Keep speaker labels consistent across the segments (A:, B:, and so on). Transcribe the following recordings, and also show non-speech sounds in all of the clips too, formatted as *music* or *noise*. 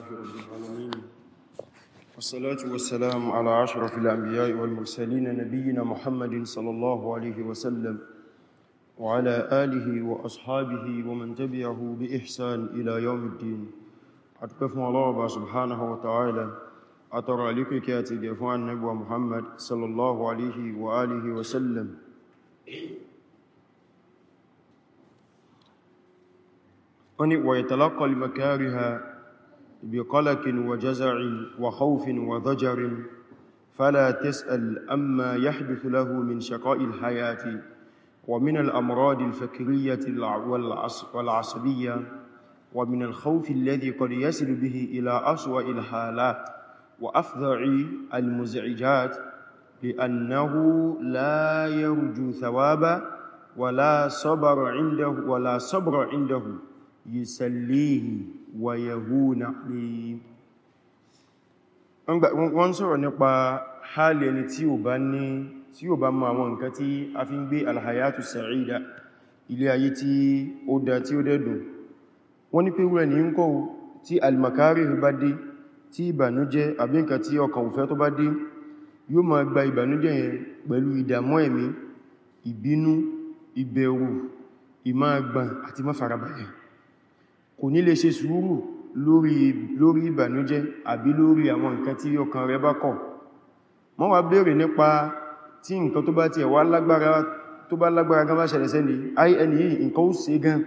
A: لله رب العالمين والصلاة والسلام على أشرف الأنبياء والمرسلين نبينا محمد صلى الله عليه وسلم وعلى آله وأصحابه ومن تبعه بإحسان إلى يوم الدين أتقفنا الله سبحانه وتعالى أترى لك كاتب عن محمد صلى الله عليه وآله وسلم وني ويتلقى المكارها بقلق وجزع وخوف وضجر فلا تسأل أما يحدث له من شقاء الحياة ومن الأمراض الفكرية والعصبية ومن الخوف الذي قد يصل به إلى أسوأ الحالات وأفظع المزعجات لأنه لا يرجو ثوابا ولا صبر عنده ولا صبر عنده يسليه wàyẹ̀húnà pé wọ́n sọ̀rọ̀ nípa hálì ẹni tí ó bá ní tí ó bá mọ àwọn nǹkan tí a fi ń gbé alhayatu sa'ida ilé ayé tí ó dá tí ó dẹ́dùn wọ́n ní pé wúrẹ̀ ní ń kọ́ tí almakari bá dé tí ìbànújẹ́ àbí nǹkan tí ọkàn òfẹ́ tó bá dé yóò máa gba ìbànújẹ́ yẹn pẹ̀lú ìdàmọ́ ẹ̀mí ìbínú ìbẹ̀rù ìmáagbà àti máfarabalẹ̀ kò ní lè ṣe sùúrù lórí ìbànújẹ́ àbí lórí àwọn nǹkan tí ọkàn rẹ̀ bá kọ̀ mọ́ wá bèèrè nípa tí nǹkan tó bá ti ẹ̀wà lágbára tó bá lágbára gan bá ṣẹlẹ̀ sẹ́ni in yìí nǹkan ó ṣe gan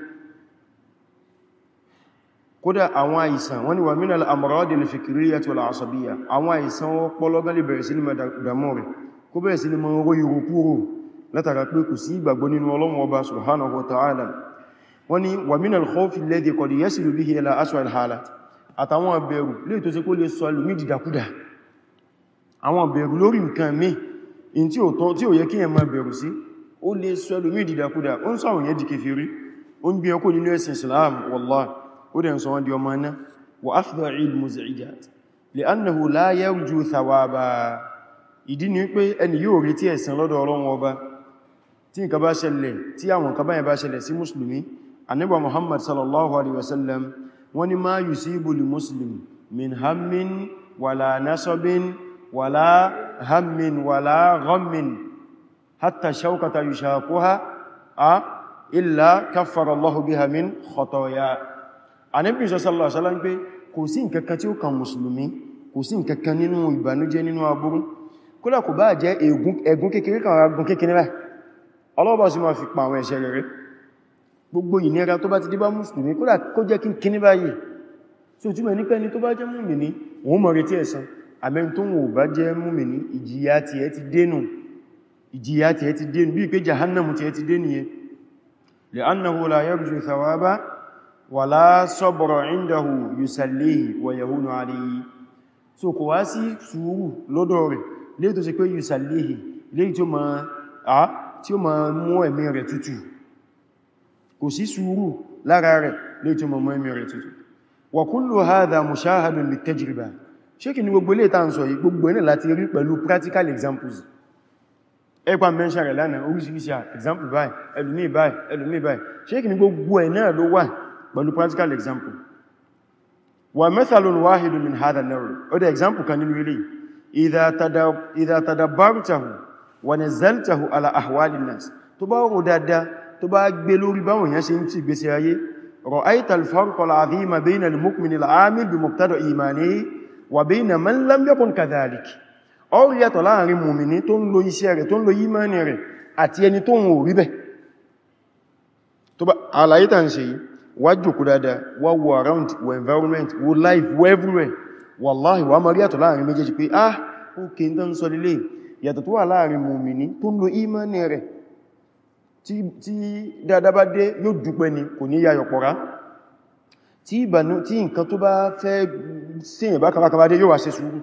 A: kódà àwọn àìsàn wọ́n ni wà mínà àmọ̀rọ̀dì lè fìkìrí àti wà àṣàbíyà àwọn àìsàn ọpọlọgán lè bẹ̀rẹ̀ sí ní mẹ́dàmọ́ rẹ̀ kó bẹ̀rẹ̀ sí ní mọ́ oróyìnrò kúrò látara pé kò sí ìgbàgbọ́ nínú Ọlọ́run Ọba subhanahu wa ta'ala wọ́n ni wàmínà alkhawfi alladhi qad yasilu bihi ila aswa alhalat àtàwọn àbẹ̀rù lè tó sí kó lè sọ ẹlòmí dìdàkúdà àwọn àbẹ̀rù lórí nǹkan mí in tí ó yẹ kí ẹmọ bẹ̀rù sí ó lè sọ ẹlòmí dìdàkúdà ó ń sọ̀rọ̀ yẹn di kèfèrí ó ń gbé ọkọ̀ nínú ẹ̀sìn Islam annabi muhammad sallallahu alaihi wasallam wani ma yusibu li muslim min hammin wala nasabin wala hammin wala ghammin hatta shawkata yushaquha a illa kaffara allah biha min khataaya annabi sallallahu alaihi wasallam pé kò sí nǹkankan tí ó kàn muslimi kò sí nǹkankan nínú ìbànújẹ́ nínú aburú kódà kò bá jẹ́ ègún kékeré kan ara kékeré báyìí ọlọ́bọ̀ sí ma fi pa àwọn ẹ̀ṣẹ̀ rere gbogbo ìnira tó bá ti dé bá mùsùlùmí kódà kó jẹ́ kí n kíní báyìí tí ó túnmọ̀ ní pẹ́ni tó bá jẹ́ mùmìní wọ́n mọ̀ retí ẹ̀san àmẹ́ni tó wọ́n bá jẹ́ mùmìní ìjìyà ìjìyà ti ẹ ti dénú bí pé jahannamu ti ẹ ti dénú yẹn li'annahu la yarju thawaba wa la sabra indahu yusallihi wa yahunu alayhi so kò tí ó máa mú ẹ̀mí rẹ̀ tútù kò sí sùúrù lára rẹ̀ léètò mọ̀mọ́ ẹmí rẹ̀ tuntun wa kullu hadha mushahadun li tajriba ṣékì ní gbogbo ilé ìtànsọ yìí gbogbo ẹni láti rí pẹ̀lú practical examples ẹgbà mẹ́ṣà rẹ̀ lánàá oríṣiríṣi example báyìí ẹlùmí báyìí ẹlùmí báyìí ṣékì ní gbogbo ẹ̀ náà ló wà pẹ̀lú practical wa mathalun wahidun min hadha an-nawr ó dẹ̀ example kan nínú ilé idha tadabbartahu wa nazaltahu ala ahwali an tó bá gbé lórí báwọn èèyàn ṣe ń ti gbèsè ayé ra'aita al-farqa al-'azima bayna al-mu'min al-'amil bi muqtada imanihi wa bayna man lam yakun kadhalik ó rí yàtọ̀ láàrin mùmìní tó ń lo iṣẹ́ rẹ̀ tó ń lo wà mọ̀ rí yàtọ̀ láàrin méjèèjì ah, yàtọ̀ tó wà láàrin mùmìní tó ń lo ìmánì rẹ̀ tí dáadáa bá dé yóò dúpẹ́ ni kò ní yayọ̀ pọ̀rá tí ìbànú tí nǹkan tó bá fẹ́ síyàn bá kàbákàbá dé yóò wà ṣe sùúrù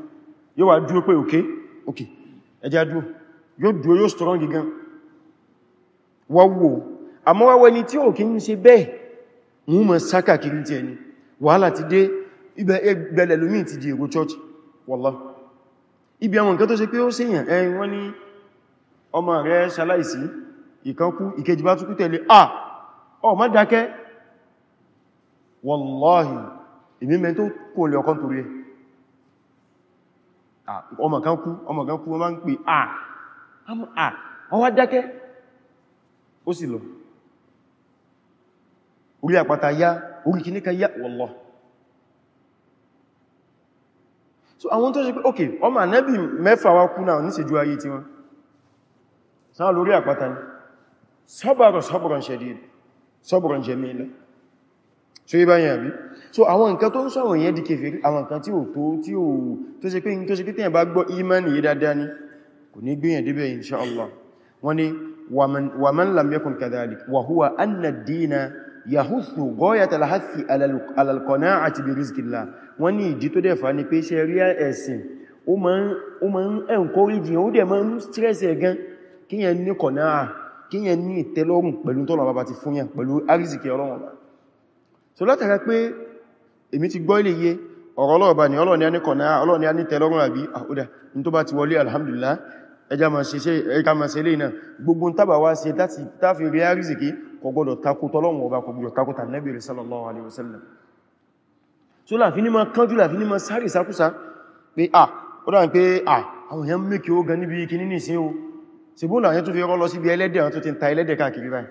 A: yóò wà dúró pé òkè òkè ẹjá dúró yóò dúró yóò strong gan wọ́wọ́ àmọ́ wáwẹ́ ni tí òkè ń ṣe bẹ́ẹ̀ mú mọ̀ sáka kiri ti ẹni wàhálà ti dé ibẹ̀lẹ̀ lómi church wallah ibi àwọn nǹkan tó ṣe pé ó ìkankú ìkejì bá túnkú tẹ̀lé à ọ ma dákẹ́ wallahi ìmí mẹ́ tó kò lè ọkọ́ torí ọmọ ọmọ wọ́n máa ń pè à à dákẹ́ ó sì lọ orí àpáta yá orí kìníkà yá wallahi so àwọn tó ṣe pé ok ọmọ ànábì mẹ́fà wá kú náà níṣẹ́jú ayé sọ́bọ̀rọ̀ sọ́bọ̀rọ̀ ṣẹ̀dìd sọ́bọ̀rọ̀ jẹmílẹ̀ so ibá yẹn àbí so àwọn nǹkan tó ń sọ̀rọ̀ yẹn di kèfèrí àwọn nǹkan tí ò tó tí ò tó ṣe pé tó ṣe pé tẹ́yàn bá gbọ́ imani yìí dáadáa ni kò ní gbìyàn débẹ̀ insha Allah wọ́n ni wa man lam yakun kadhalik wa huwa anna ad-dina yahuthu ghayat al-hathi ala al-qana'ati bi rizqillah kíyàn ní kọ̀náà kíyàn ní ìtẹ́lọ́rùn pẹ̀lú tọ́nà bàbá ti fún yàn pẹ̀lú àrísìkí ọlọ́run so látara pé èmi ti gbọ́ ilé yé ọ̀rọ̀ ọlọ́ọ̀bá ni ọlọ́ni a ní kọ̀nà ọlọ́ni a ní tẹ́lọ́rùn àbí ah, alhamdulillah ẹja ma ṣe lè náà gbogbo tàbà wá ṣe táfi rí àrísìkí kò gbọdọ̀ takú tọ́lọ́run ọba kò gbọdọ̀ takú tàbí sallallahu so láàfin ní ma kánjú láàfin ní ma sáré ah ó ah àwọn èèyàn mẹ́kì ó gan níbi kìíní síbúnà yẹn tó fi rọ́ lọ síbi ẹlẹ́dẹ̀ àwọn tó ti ń ta ẹlẹ́dẹ̀ káàkiri báyìí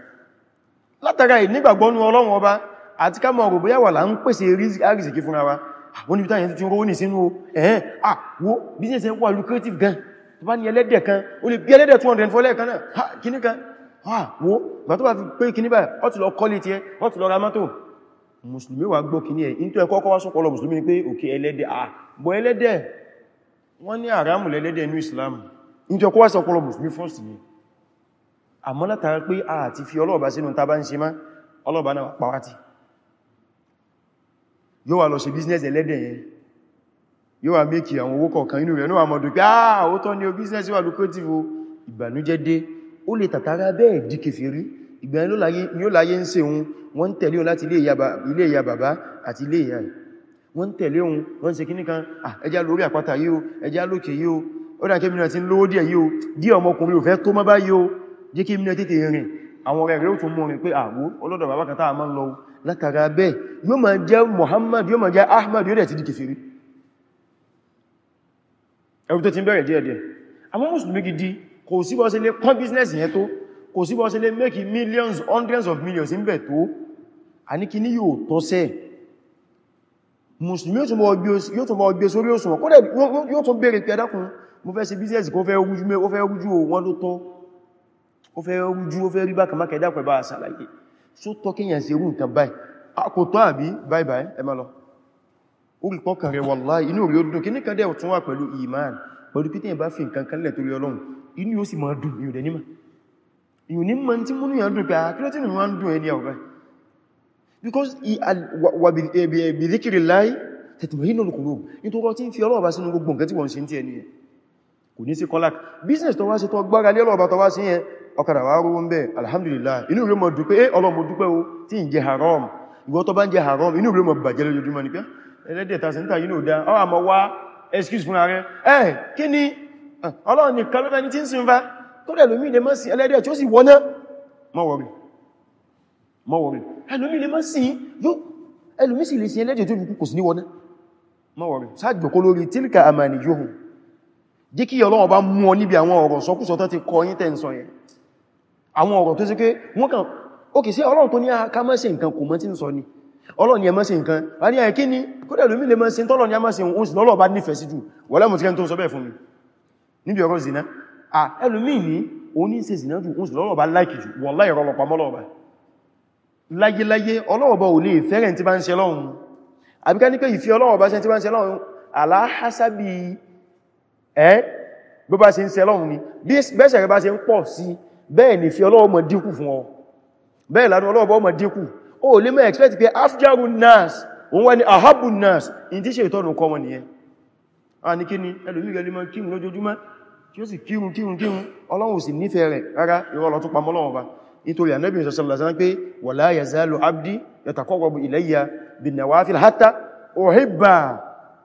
A: látara ìnígbàgbọ́nú ọlọ́run ọba àti ká mọ̀ ọ̀rọ̀ bóyá wà là ń pèsè àrísìkí fúnra wa àwọn níbi táyẹ̀ tó ti rówó ní sínú ẹ̀hẹ́n àwọ́ business ẹ̀ wà lucrative gan tó bá ní ẹlẹ́dẹ̀ kan o lè bí ẹlẹ́dẹ̀ 200 fọ́lẹ̀ kan náà kíní kan àwọ́ gbà tó bá fi pé kíní báyìí ó ti lọ kọ́lé tí ẹ ó ti lọ ra mọ́tò mùsùlùmí wà gbọ́ kíní ẹ̀ ní tó ẹkọ́ kọ́ wá sọ́kọ́ lọ mùsùlùmí ni pé òkè ẹlẹ́dẹ̀ à bọ́ ẹlẹ́dẹ̀ wọ́n ní àrámù lẹ́lẹ́dẹ̀ ní Islam níjọ kó wá sọ pọ̀lọ̀ mùsùlùmí fọ́sì ní àmọ́ látàrí pé a ti fi ọlọ́ọ̀bá sínú tàbá ń ṣe má ọlọ́ọ̀bá náà pàwátí yóò wà lọ ṣe business ẹlẹ́dẹ̀ yẹn yóò wà mékì àwọn owó kọ̀ọ̀kan inú rẹ̀ ní àmọ́ dùn pé ah ó tọ́ ni business wà lucrative ìbànújẹ́ dé ó lè tàtàrà bẹ́ẹ̀ di kèfèrí ìgbà ni ó láyé ń ṣe òun wọ́n ń tẹ̀lé òun láti ilé ìyá bàbá àti ilé ìyá wọ́n ń tẹ̀lé òun wọ́n ó dá kébìnà tí ń lówó díẹ̀ yíò dí ọmọkùnrin ò fẹ́ tó mọ́ bá yíò jẹ́ kí mínà tètè rìn àwọn ọ̀rẹ́ rẹ̀ ó tún mọ́ rìn pé àwọ́ ọlọ́dọ̀ bàbá kan táà máa ń lọ látara bẹ́ẹ̀ yóò Muhammad yóò Ahmad yóò ti di kèfèrí mùsùlùmí yóò tọ́ sẹ́ mùsùlùmí yóò tún bọ́ yóò tún bèèrè pẹ̀dákùn mo fẹ́ ṣe business kó fẹ́ rújú mẹ́ ó fẹ́ rújú wọn ló tọ́ ó fẹ́ rújú ó fẹ́ rí bákan máa kẹ̀dá pẹ̀bá àṣàlàyé só tọ́ kíyàn sí irú nǹkan báyìí kò tọ́ àbí bye bye ẹ má lọ ó rí pọ́kàn rẹ̀ wallahi inú rí odúdó kí ní kan dẹ̀ tún wà pẹ̀lú iman pẹ̀lú pítẹ̀ bá fi nǹkan kan lẹ̀ torí ọlọ́run inú yóò sì máa dùn ní ọdẹ nímà ìyùn ní mọ́ tí múnú yàn dùn pé àkílẹ̀ tí wọ́n ń dùn ẹni àwọn báyìí because wà bí dhikrillahi e e tatma'innul qulub nítorí ọtí ń fi ọlọ́ọ̀bá sínú gbogbo nǹkan tí wọ́n ń ṣe ń tí ẹni yẹn kò ní sí kọ́lák business tó wá sí tó gbára lé ọlọ́ọ̀bá tó wá sí yẹn ọkàdà wá rówó ń bẹ̀ alhamdulillah inú rẹ̀ mọ̀ dúpẹ́ eh ọlọ́mọ̀ dúpẹ́ o tí ń jẹ haram ìwọ tó bá ń jẹ haram inú rẹ̀ mọ̀ bàjẹ́ lójoojúmọ́ ní pé ẹlẹ́dẹ̀ excuse fún ààrẹ ẹ eh, kí ni ah, ọlọ́run ni kalọ́bẹ̀ ní tí ń sin fa tó dẹ̀ lómi lè mọ́ sí ẹlẹ́dẹ̀ tí ó sì wọ́ná mọ́wọ̀rì mọ́wọ̀rì ẹlòmí lè mọ́ sí yóò ẹlòmí sì lè sí ẹlẹ́dẹ̀ tó lórí tílkà àmàni yóò jí kí Ọlọ́run bá mú ọ níbi àwọn ọ̀rọ̀ sọkúsọ tán ti kọ yí tẹ́ǹsọ yẹn àwọn ọ̀rọ̀ tó sí pé wọ́n kàn ókè sí Ọlọ́run tó ní ká má ṣe nǹkan kò mọ́ tí ń sọ ni Ọlọ́run yẹ má ṣe nǹkan a ní àìkí ni kódẹ̀ lómi lè má ṣe tọ́lọ̀ ní a má ṣe òun sì lọ́lọ́ bá nífẹ̀ẹ́ sí jù wọ́lá mo ti kẹ́ tó ń sọ bẹ́ẹ̀ fún mi níbi ọ̀rọ̀ zina à ẹlòmí ní òun ní ṣe zina jù òun sì lọ́lọ́ bá láìkì jù wọ́lá ìrọ̀ lọ pamọ́ lọ́ọ̀bá láyé láyé ọlọ́ọ̀bá ò lè fẹ́rẹ̀ tí bá ń ṣe lọ́run àbíká ní pé ìfẹ́ ọlọ́ọ̀bá ṣe tí bá ń ṣe lọ́run aláhásábì ẹ́ bó bá ṣe ń ṣe lọ́run ni bí bẹ́ṣẹ̀ rẹ bá ṣe ń pọ̀ sí bẹ́ẹ̀ ni fi Ọlọ́run mọ̀ dínkù fún ọ bẹ́ẹ̀ lánú Ọlọ́run mọ̀ dínkù o lè mọ̀ expect pé afjaru nas òun wá ní ahabu nas in ti ṣe ìtọ́nù kọ wọn nìyẹn a ní kí ni ẹlòmí rẹ̀ lè mọ̀ kírun lójoojúmọ́ tí ó sì kírun kírun kírun Ọlọ́run sì nífẹ̀ẹ́ rẹ̀ rárá ìrọ̀lọ́ tó pamọ́ lọ́wọ́ bá nítorí ànábì sallallahu alaihi wasallam pé wala yazalu abdi yataqarrabu ilayya bin nawafil hatta uhibba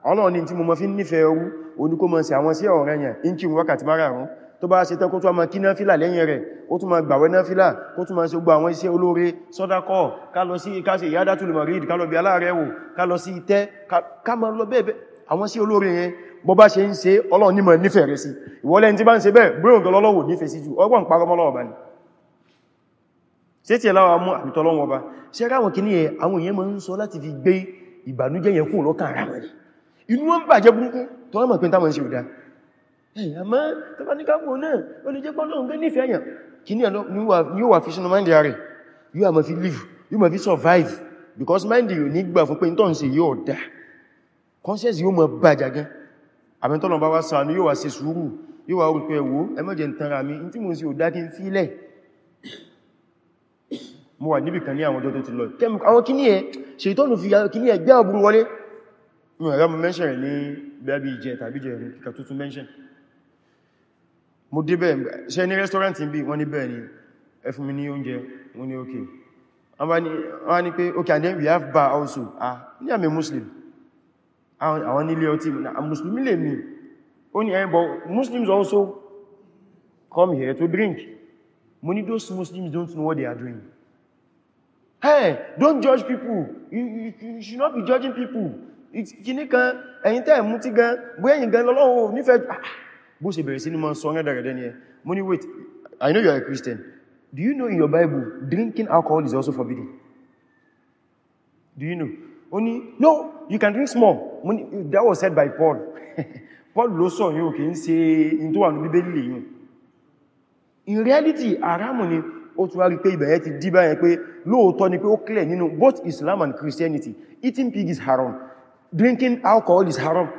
A: ọlọ́run ni tí mo mọ́ fi nífẹ̀ẹ́ ẹrú oníkó mọ́ sí àwọn sí ọ̀rẹ́ yẹn in kí wákàtí márààrún tó bá ṣe tẹ́kún tó máa kí náfílà lẹ́yìn rẹ̀ ó tún máa gbàwẹ́ náfílà kó tún máa ṣe gbà àwọn iṣẹ́ olóore sọ́dákọ́ ká lọ sí ìkáṣe ìyádátùlù marid ká lọ bí aláàrẹ̀ wò ká lọ sí ìtẹ́ ká máa lọ bẹ́ẹ̀ àwọn sí olóore yẹn bọ́ bá ṣe ń ṣe ọlọ́run nímọ̀ nífẹ̀ẹ́ rẹ̀ sí ìwọ́lẹ́ tí bá ń ṣe bẹ́ẹ̀ bóyọ̀ tọ́lọ́wọ̀ nífẹ̀ẹ́ sí jù ọgbọ́n parọ́mọ́lọ́wọ̀ bá ìbànújẹ́ yẹn kú lọ́kàn ara rẹ̀ inú wọn bàjẹ́ burúkú tó wọ́n mọ̀ pé táwọn ṣe ò dá ẹ̀yà má tó bá ní káàkù náà ó lè jẹ́ pọ́lọ́run gẹ́ nífẹ̀ẹ́ èyàn kí ní yóò wà fi sínú mind rẹ̀ yóò àmọ́ fi live yóò mọ̀ fi survive because mind yóò ní gbà fún pé tó ń ṣe yóò dá conscience yóò mọ̀ bàjá gan àmì tọ́lọ̀ bá wá sàánú yóò wá ṣe sùúrù yóò wá orúkọ ẹ̀wọ́ ẹmọ́jẹ̀ ntara mi tí mo ń ṣe ò dá kí n fílẹ̀ mo wà níbì kan ní ẹ̀ gbẹ́ ọ̀bùrú wọlé mi ọ̀rẹ́ mo mention rẹ̀ ní bẹ́ẹ̀bí ìjẹ tàbí jẹ rẹ̀ kíkà tuntun mention mo dé bẹ́ẹ̀ ṣe ní restaurant bí wọ́n ní bẹ́ẹ̀ ni ẹ fún mi ní oúnjẹ wọ́n ní okay wọ́n ní pé okay and then we have bar also ah ní àmì muslim àwọn nílé ọtí muslim lè mi ó ní ẹ̀yìn eh, but muslims also come here to drink mo ní those muslims don't know what they are doing hey don't judge people you, you, you should not be judging people kíní kan ẹ̀yin tẹ́ mú tí gan bó ẹ̀yin gan lọ́lọ́wọ́ nífẹ́ ah, bó ṣe bẹ̀rẹ̀ sí ní ma sọ rẹ̀dẹ̀rẹ̀dẹ̀ ni ẹ mo ní wait I know you are a Christian do you know in your Bible drinking alcohol is also forbidden do you know Only no you can drink small Money that was said by Paul *laughs* Paul ló sọ yóò kì í into in tó wà ní Bíbélì lèyìn in reality aramu ni ó tún wá rí pé ìbẹ̀yẹ ti dí báyẹn pé lóòótọ́ ni pé ó clear nínú both Islam and Christianity eating pig is haram drinking alcohol is haram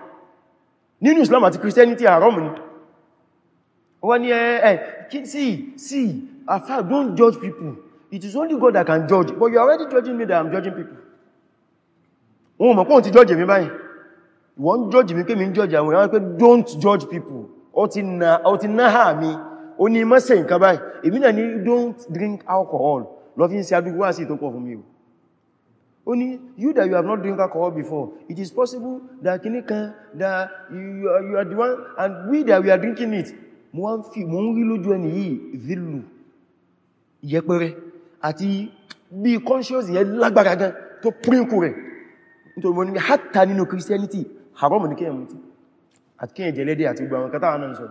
A: nínú Islam àti Christianity haram ni wọ́n ní ẹ̀ see see afa don't judge people it is only God that can judge but you are already judging me that I'm judging people wọn mọ̀ pọ́n ti judge mi báyìí wọ́n judge mi pé mi judge àwọn èèyàn pé don't judge people ọ ti náà mi ó ní mọ́sẹ̀ nǹkan báyìí èmi náà ní don't drink alcohol lọ fi ń ṣe adúgbò wá sí ìtọ́pọ̀ fún mi o ó ní you that you have not drink alcohol before it is possible that kìní kan that you, you are the one and we that we are drinking it mo wá ń fi mo ń rí lójú ẹni yìí zilu yẹpẹrẹ àti bí conscious yẹn lágbára gan tó prínkù rẹ̀ nítorí mo ní hátà nínú Christianity haram ní kíyàn mutí àti kíyàn jẹlẹ́dẹ̀ àti gbogbo àwọn kátà ànà ìṣọ́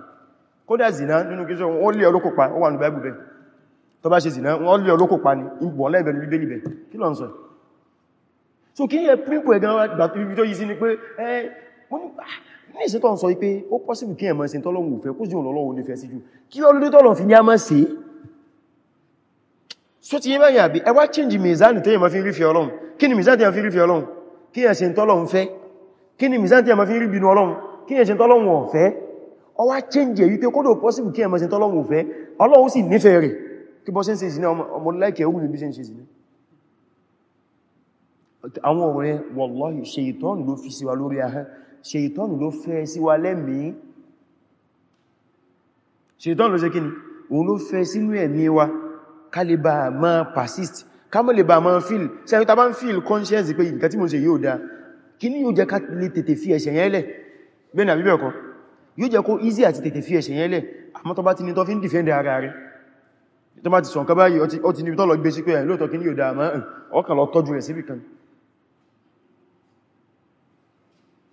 A: kódà zina nínú Christian wọ́n lé ọlọ́kọ̀ pa ó zina wọ́n lé ọlọ́kọ̀ pa ní ìbọ̀lẹ́bẹ̀ ní bíbélì kí so kí ní ẹ pípò ẹ̀gán ibi tó yìí sí ni pé ẹ wọ́n ní ah, ìṣẹ́tọ̀ ń sọ wípé ó pọ́sìbù kí ẹ̀mọ́ ìṣẹ́ tọ́lọ́wọ́ òfẹ́ kó jù ọlọ́wọ́ onífẹ́ sí jù kí ọlọ́dún tọ́lọ̀ fi ní a máa ṣe so ti yé mẹ́rin àbí ẹwà change mizani tẹ́yẹ̀ ma fi rí fi ọlọ́run kí ni mizani tẹ́yẹ̀ fi rí fi ọlọ́run kí ẹ̀ ṣe tọ́lọ́run fẹ́ kí ni mizani tẹ́yẹ̀ ma fi rí bínú ọlọ́run kí ẹ̀ ṣe tọ́lọ́run ọ̀fẹ́ ọwá change èyí pé kódò possible kí ẹ̀ ma ṣe tọ́lọ́run ọ̀fẹ́ ọlọ́run sì nífẹ̀ẹ́ rẹ̀ kí bọ́ sí ń ṣe ìsinmi ọmọ láìkẹ̀ òun ní bí ṣe ń ṣe ìsinmi àwọn ọ̀rọ̀ yẹn wallahi ṣèyítọ́nù ló fi síwa lórí ahẹ́ ṣèyítọ́nù ló fẹ́ síwa lẹ́mìí ṣèyítọ́nù ló ṣe kí ni òun ló fẹ́ sínú ẹ̀mí wa ká lè bá ma persist ká mọ́ lè bá ma feel ṣẹ́yí ta bá ń feel conscious pé nǹkan mo ṣe yóò dáa easy àti tètè fi ẹ̀ṣẹ̀ yẹn lẹ̀ àmọ́ tó bá ti ní tó fi ń defend ara rẹ̀ tó bá ti sọ̀kan báyìí ó ti níbi tó lọ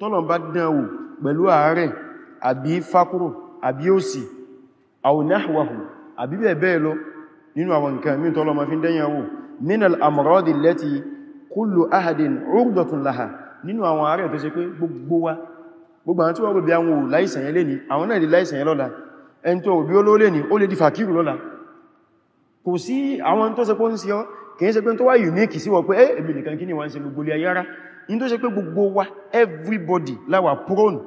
A: tọ́lọ̀n bá dánwò pẹ̀lú ààrẹ àbí fákúrò àbí òsì àwọnáhùwàhù àbí bẹ́ẹ̀ lọ nínú àwọn nǹkan mí tọ́lọ̀ ma fi dẹ́yàwó minal amuradi lẹ́ti kullu ahadin urdatun laha nínú àwọn ààrẹ tó ṣe pé gbogbo wa gbogbo àwọn tí wọ́n gbogbo àwọn láìsàn yẹn lẹ́ni àwọn náà di láìsàn yẹn lọ́la ẹn tó bí ó ló lẹ́ni ó lè di fàkírù lọ́la in tó ṣe pé gbogbo wa everybody láwà prone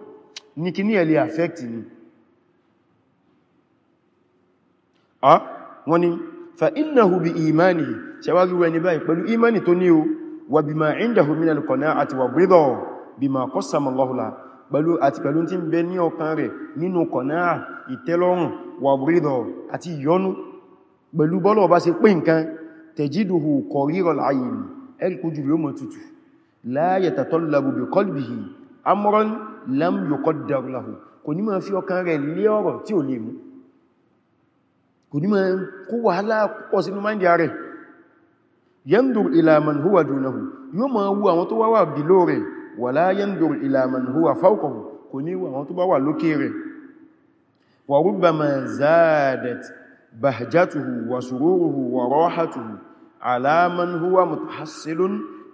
A: ní kí ní ẹ̀lẹ́ affect ni a wọ́n ni fa innahu bi imani ṣẹwàrí wẹni báyìí pẹ̀lú imani tó ní o wà bima indahu minal qana'ati wà ridha bima qassama Allahu la pẹ̀lú àti pẹ̀lú tí ń bẹ ní ọkàn la yatatallabu bi qalbihi amran lam yuqaddar lahu kò ní máa fi ọkàn rẹ̀ lé ọ̀rọ̀ tí ò lè mú kò ní máa kó wàhálà púpọ̀ sínú máìndì rẹ̀ yandur ila man huwa dunahu yóò máa wo àwọn tó wáwà bìló rẹ̀ wala yandur ila man huwa fawqahu kò ní wo àwọn tó bá wà lókè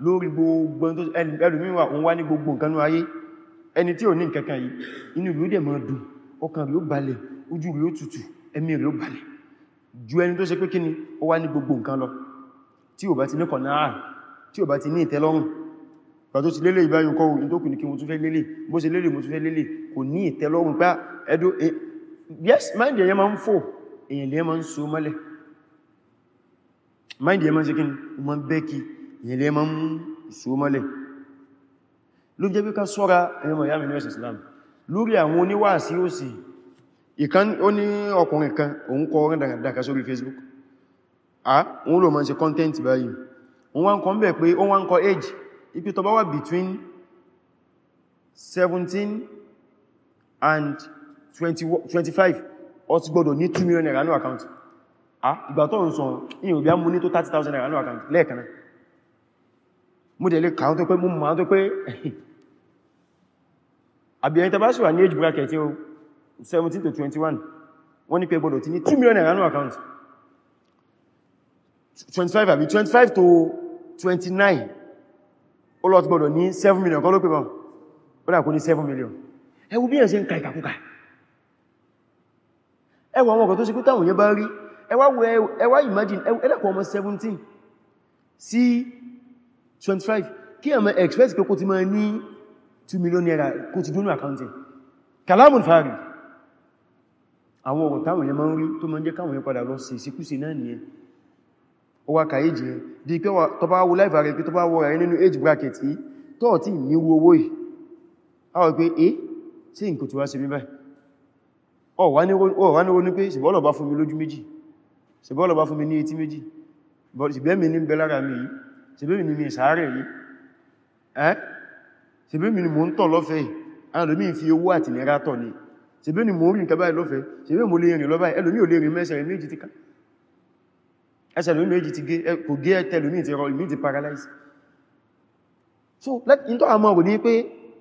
A: lórí gbogbo ẹlùmíwà òun wá ní gbogbo nǹkanú ayé ẹni tí ò ní nǹkankan yìí inú ìlú dẹ̀ máa dùn ọkàn rí ó balẹ̀ ojú rí ó tutù ẹ̀mí rí ó balẹ̀ ju ẹni tó ṣe pé kíni ó wá ní gbogbo nǹkan lọ tí ò bá ti ní kọ̀nà àà tí ò bá ti ní ìtẹ́lọ́rùn gbà tó ti lélẹ̀ ìbáyùn kọ́ ohun tó kù ní kí mo tún fẹ́ lélẹ̀ bó ṣe lélẹ̀ mo tún fẹ́ lélẹ̀ ah, yes mind ẹ̀yẹ máa ń fò èèyàn lè máa ń so mọ́lẹ̀ mind ẹ̀yẹ máa ń ṣe ìyẹn lè máa ń súnmọ́lẹ̀ ló jẹ́ bí ká sọ́ra ẹmọ ìyá mìíràn Islam lórí àwọn oníwàásí ó sì ìkan ó ní ọkùnrin kan òun kọ orin dàkà sórí Facebook ah òun ló máa ń ṣe content báyìí òun wá ń kọ ń bẹ̀ pé ó wá ń kọ age ipi tó bá between 17 and 20, 25 ó ti gbọ́dọ̀ ní 2 million naira ní account ah ìgbà tó ń sọ ìyìn òbí á mú ní tó 30,000 naira ní account lẹ́ẹ̀kan náà mo dẹ̀ lè kàá tó pé mo máa tó pé àbí ẹni tàbá ṣùwà ní age bracket 17 to 21 wọ́n ní pé gbọ́dọ̀ ti ní 2 million naira nínú account 25 àbí 25 to 29 ó lọ ti gbọ́dọ̀ ní 7 million kọ́ ló pé bọ́n ó dà kó ní 7 million ẹ wo bí ẹ̀ ṣe ń ka ìkàkùkà ẹ wo àwọn ọkọ̀ tó ṣe pé táwọn imagine ẹ dákọ̀ ọmọ 17 sí 25 kí ẹ̀mọ̀ express pé kó ti máa ní 2 million naira kó ti dúnú àkáǹtì kalamun fari àwọn ọ̀rọ̀ táwọn yẹn máa ń rí tó máa ń jẹ́ káwọn yẹn padà lọ sí síkúsí náà nìyẹn ó wá kàyé jẹ́ di pé tó bá wo láìfà rẹ̀ pé tó bá wọ́ rẹ̀ nínú age bracket yìí tó ti ní owó yìí a wọ́n pé e eh, sí nǹkan tí wá sí bíbẹ̀ ọ̀ wá ní ronú pé ṣìbọ́lọ̀ bá fún mi lójú méjì ṣìbọ́lọ̀ bá fún mi ní etí méjì ṣìbẹ́mi ní bẹ́lára mi yìí ṣebí mi ni mi sàárè rí ẹ́ ṣebí mi ni mo ń tọ̀ lọ́fẹ́ ẹlòmí fi owó àti nira tọ̀ ni ṣebí ni mo rí nǹkan báyìí lọ́fẹ́ ṣebí mo lè rìn lọ báyìí ẹlòmí ò lè rìn mẹ́sẹ̀ méjì ti ká ẹsẹ̀ lómi méjì ti gé kò gé ẹ̀tẹ̀ lómi ti rọ ìmí ti paralyze so in tó àmọ́ wò ní pé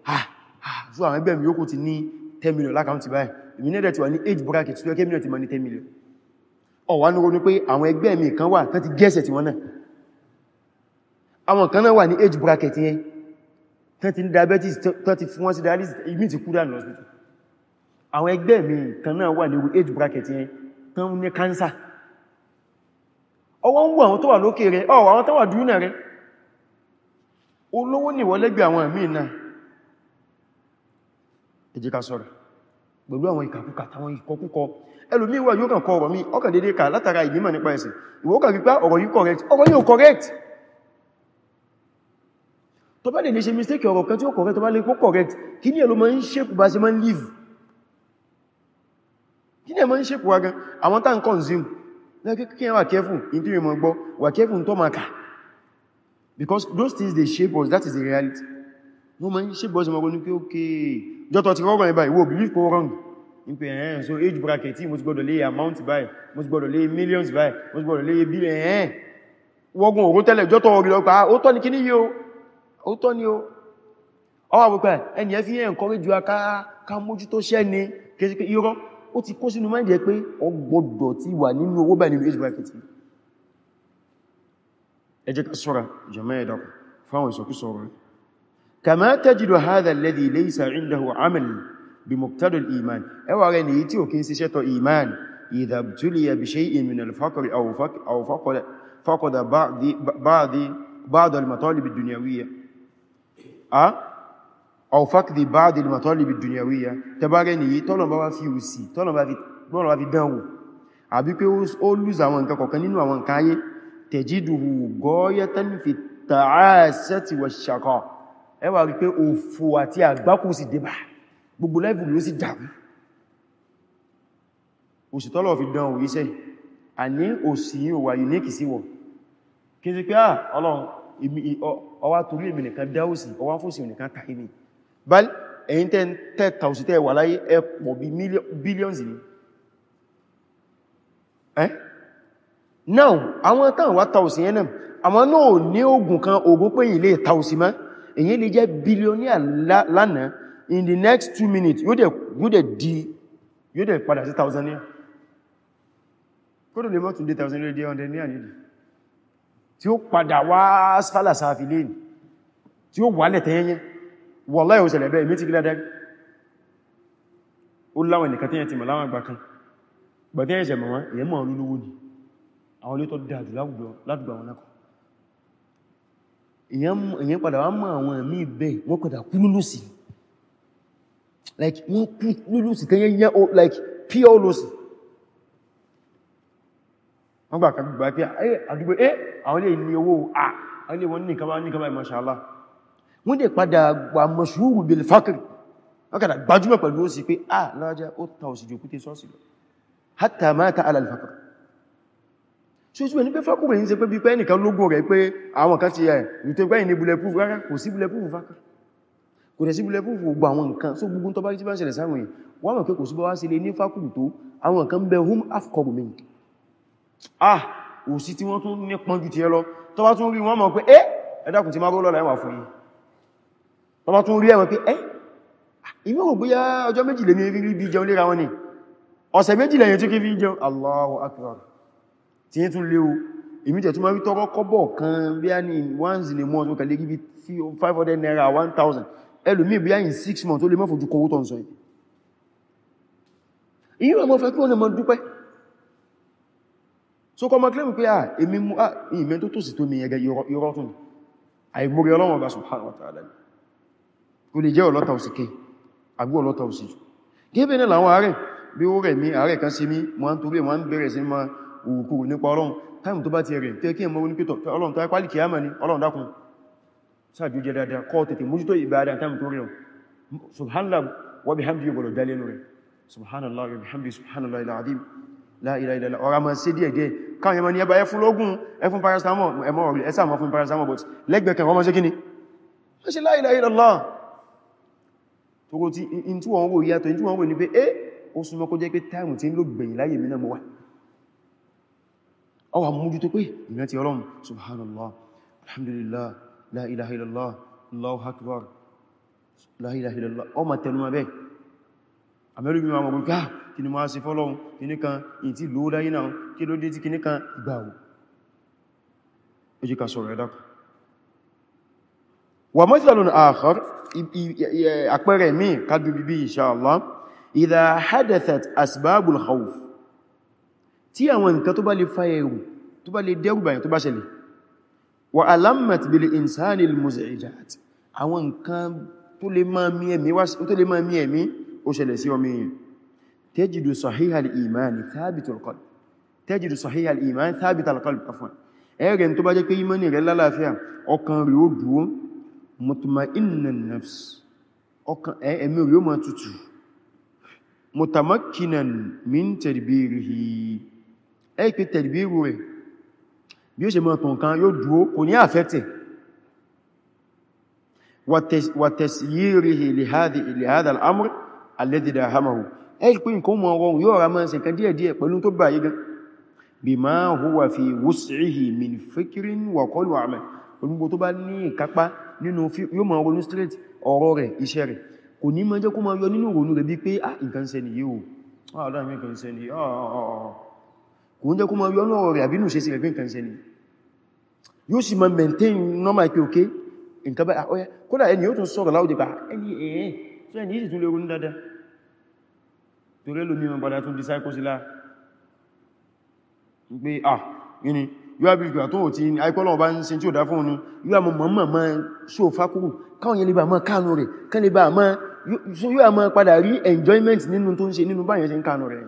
A: ha ha so àwọn ẹgbẹ́ mi yóò ti ní 10 million lákàntì báyìí ìmínẹ́dẹ̀ ti wà ní age bracket tó yẹ kí mílíọ̀n ti mọ̀ ní 10 million ọ̀wà ní ronú pé àwọn ẹgbẹ́ mi kan wà tán ti gẹ́ẹ̀sẹ̀ tí wọ́n náà àwọn kan náà wà ní age bracket yẹn tán ti ní diabetes tán ti fún wọn sí dialysis ìmí ti kú dànù hospital àwọn ẹgbẹ́ mi kan náà wà ní age bracket yẹn tán ní cancer ọwọ́ ń wọ àwọn tó wà lókè rẹ ọwọ́ àwọn tó wà dúnà rẹ olówó ni wọ́n lẹ́gbẹ̀ẹ́ àwọn ẹ̀mí náà ẹ ká sọ́rọ̀ pẹ̀lú àwọn ìkàkùkà táwọn ìkọkúkọ wà yóò kọ ọ̀rọ̀ mi ọkàn dédé kà látara nípa ẹ̀sìn ìwọ́kàn rí pá tó bá lè lè ṣe mistake ọ̀rọ̀ kan tí ó correct tó bá lè pọ́ correct kí ní ẹ̀lọ́ ma ń ṣépù bá ṣe ma ń live kí ní ẹ̀ ma ń ṣépù wá gan àwọn tá ń consume kí wà careful in tí wọ́n gbọ́ wà careful tó ma kà because those things they shape us that is the reality wọ́n ma ń ṣépù ọ̀sẹ̀ mọ́gbọ́n ní pé ok jọ́tọ̀ ti rọ́gbọ̀n ẹ̀bá ìwò believe kó wrong ní pé ẹ̀hẹ́n so age bracket mo ti gbọ́dọ̀ lé amount báyìí mo ti gbọ́dọ̀ lé millions òótọ́ ni ó ọwà púpẹ̀ ẹni ẹ fi yẹn kọrí ju aká mójú tó ṣẹ́ ni kẹsíkẹ́ irọ́ ó ti kó sínú mẹ́jẹ pé ó gbọ́dọ̀ ti wà nínú owó bẹ̀ nínú age aw fakdi ba'd al-matalib ad-dunyawiyya tẹbárẹ́ nìyí tọ́nà bá fi òsì tọ́nà bá fi dánwò àbí pé ó lùz àwọn nǹkan kọ̀kan nínú àwọn nǹkan ayé tajiduhu ghayatan fi at-ta'asati wash-shaqa ẹ wá rí pé òfò àti àgbákò sì débà gbogbo lẹ́bù ló sì dàrú òsì tọ́lọ̀ fi dánwò yíṣẹ́ àní òsì yíò wà unique sí wọ̀ kí sí pé ah ọlọ́run ọwá torí èmì nìkan dáúsì ọwá fòsì nìkan tàílì bal ẹ̀yìn tẹ́ tẹ́ta òsì tẹ́ wà láyé ẹpọ̀ bí billions ni ẹ́ now àwọn tán wá tàùsì yẹn náà àmọ́ náà ní ogun kan ogun pé ilé tàùsì má èyí lè jẹ́ billionaire lánàá in the next two minutes yóò dẹ̀ di yóò dẹ̀ padà sí thousand naira kódò lè mọ́ tún dé thousand naira dé 100 naira tí ó padà wá asfala safilin tí ó wà lẹ́tẹ̀ yẹnyẹn wallahi ó ṣẹlẹ̀ bẹ́ẹ̀ méjì gílẹ̀dẹ́ ó láwọn nìkan tí ti mọ̀ láwọn àgbà kan gbàtí wọ́n gbà kan gbà pé eh, àdúgbò eh àwọn ilé ní owó à àwọn ilé wọn ní nǹkan bá ní nǹkan bá wọ́n dẹ̀ padà gbà mọ̀ṣúrù bil fakr wọ́n kàdà gbajúmọ̀ pẹ̀lú ó sì pé à lájá ó ta òsì jù kúté sọ́ọ̀sì lọ hatta mata ala al fakr so ìsúwẹ̀ ní pé fakr rẹ̀ ń ṣe pé bí pé ẹnìkan lógún rẹ̀ pé àwọn kan ti ẹ̀ nítorí pé ìní bulẹ̀ proof rárá kò sí bulẹ̀ proof fakr kò dẹ̀ sí bulẹ̀ proof gbogbo àwọn nǹkan so gbogbo tó bá rí tí bá ń ṣẹlẹ̀ sáwọn yìí wọ́n mọ̀ pé kò sí bá wá sí ilé ní fakr tó àwọn nǹkan bẹ home afcom mink ah òsì tí wọ́n tún ní pọ́njú ti ẹ lọ tó bá tún rí wọ́n mọ̀ pé ẹ́ eh, ẹ̀dàkùn ti máa rọ́ lọ́la ẹwà fún yín tó bá tún rí Eh, pé ẹ́ ìmú ò bóyá ọjọ́ méjì lè ní rí bí jẹun léra wọn ni ọ̀sẹ̀ méjì lẹ́yìn tí kí fi jẹun Allahu Akbar tí yí tún léwu èmi tẹ̀ tún máa rí tọ́rọ kọ́bọ̀ kan bí a ní once lè mọ́ tó kẹlẹ́ gíbi 500 naira 1000 ẹlòmí bí a in 6 months tó lè mọ́ fojú kọwó tọ́ ń sọ yìí ìyí ọmọ fẹ́ kí wọ́n so kọmọ claim pé à ah, èmi mú à ah, ìmẹ́ tó tòsí tó mi ẹgẹ irọ́ tún àìgbórí ọlọ́wọ̀n bá subhanahu wa ta'ala o lè jẹ́ ọlọ́ta òsì ké agbó ọlọ́ta òsì gẹ́bẹ̀ ní làwọn ààrẹ bí ó rẹ̀ mí ààrẹ kan sí mí wọ́n tó lè wọ́n bẹ̀rẹ̀ sí ma òkú nípa ọlọ́run táìmù tó bá ti rẹ̀ tẹ́ kí ẹmọ onípítọ̀ ọlọ́run tó á pálì kìyàmà ní ọlọ́run dákun ọ̀rọ̀ ma sí díẹ̀ díẹ̀ káwọn ẹmọ ni ẹba ẹfún lógún ẹfún paracetamol ẹmọ ọ̀rẹ́ ẹsà mọ́ fún paracetamol but lẹ́gbẹ̀ẹ́kẹ̀ wọ́n mọ́ sí kí ni wọ́n sí la ilaha illallah tókó tí in tí wọ́n wò yàtọ̀ in tí wọ́n wò ní pé é eh, ó súnmọ́ kó jẹ́ pé táìmù tí ń lò gbẹ̀yìn láyé mi náà mọ́ wà ọwà mújú tó pé ìrìn àti ọlọ́run subhanallah kí ni máa ṣe fọ́lọ́run kí ní kan ìyìn tí lóó láyé náà kí ló dé tí kí ní kan ìgbàwó ejika sọ̀rọ̀ ẹ̀dàkù wà mathalun akhar e, àpẹẹrẹ mi kájú bíbí insha Allah idha hadathat asbabul khawf tí àwọn nǹkan tó bá lè fa ẹ̀rù tó bá lè dẹ́rù báyìí tó bá tó lè máa mí ẹ̀mí ó ṣẹlẹ̀ sí ọmọ èèyàn تجد صحيح الإيمان ثابت القلب تجد صحيح الإيمان ثابت القلب عفوا ايه انت بقى جاك ايمان يا لا لا فيها او كان ريودو مطمئن النفس او كان ايه امي ريو ما تتو متمكنا من تربيره ايه كي تربيره بيو جي مطمئن كان يودو كوني افتي وتس وتسييره لهذه لهذا الامر الذي داهمه ẹ̀ṣì pé nǹkan mọ̀ ọrọ̀ yóò ra máa ṣẹ̀kan díẹ̀díẹ̀ pẹ̀lú tó báyé gan bí máa huwa fi wus'ihi min fikirin wa qawli wa amal olúgbò tó bá ní ìkápá nínú yóò máa ronú straight ọ̀rọ̀ rẹ̀ iṣẹ́ rẹ̀ kò ní máa jẹ́ kó máa yọ nínú ronú rẹ̀ bí pé ah nǹkan ṣe nìyí o ọ̀dọ́ mi nǹkan ṣe nìyí kò ń jẹ́ kó kódà ẹni yóò tún sọ̀rọ̀ láwùjẹ́ bá ẹni ẹ̀ẹ́ tó ẹni yìí tún lè ronú dáadáa torí lómi wọn padà tún disciple sílá pé ah yìí ni yíwá bí ìgbà tó ò tí àìkọ́lọ̀ bá ń ṣe tí ò dá fún ní yíwá mọ̀ mọ̀ mọ̀ ṣó fákúrù káwọn yẹn lè bá mọ́ kánú rẹ̀ kán lè bá mọ́ yíwá mọ́ padà rí enjoyment nínú tó ń ṣe nínú báyẹn ṣe ń kánú rẹ̀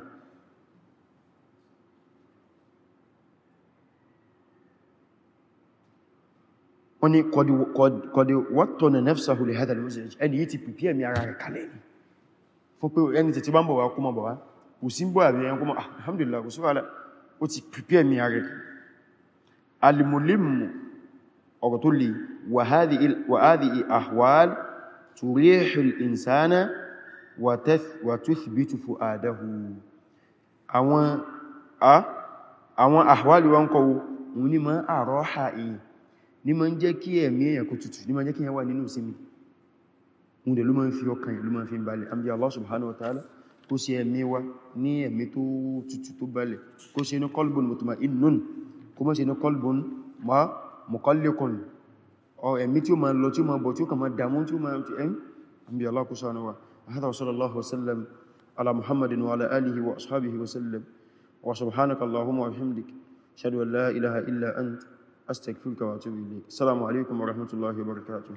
A: wọ́n ni kọ̀dí wọ́tọ̀ na nẹ́fṣà hulẹ̀ hadal mọ́sílẹ̀ ẹni yìí ti pìpì ẹ̀mí ara rẹ̀ kalẹ̀ ni fún pé ẹni tẹ̀tí bá ń bọ̀ wá kó mọ̀ bọ̀ wá kò sí ń bọ̀ àbí ẹn kó mọ̀ ah, alhamdulillah kò sọ́rọ̀ ó ti prepare mi ààrẹ alimulimu ọ̀rọ̀ tó lè wa ahwal turihul insana wa tuthbitu fu'adahu àwọn àhwálì wọn kọwọ́ ní ma àrọ́ ha èyàn ní ma ń jẹ́ kí ẹ̀mí èyàn kó tutù ní ma ń jẹ́ kí ẹ̀yàn wà nínú ìsinmi oúnjẹ ló máa ń fi ọkàn ìlú máa fi balẹ̀ àmì Allah subhanahu wa ta'ala kó sí ẹ̀mí wa ní ẹ̀mí tó tutù tó balẹ̀ kó sí inú qalbun mutma'innun kó mọ́ sí inú qalbun ma muqalliqun ẹ̀mí tí ó máa lọ tí ó máa bọ̀ tí ó kà máa dàmú tí ó máa ti ẹ̀m àmì Allah kó sánú wa hadha wa sallallahu wa sallam ala muhammadin wa ala alihi wa ashabihi wa sallam wa subhanaka allahumma wa bihamdik ashhadu an la ilaha illa ant astaghfiruka wa atubu ilayk assalamu alaikum wa rahmatullahi wa barakatuh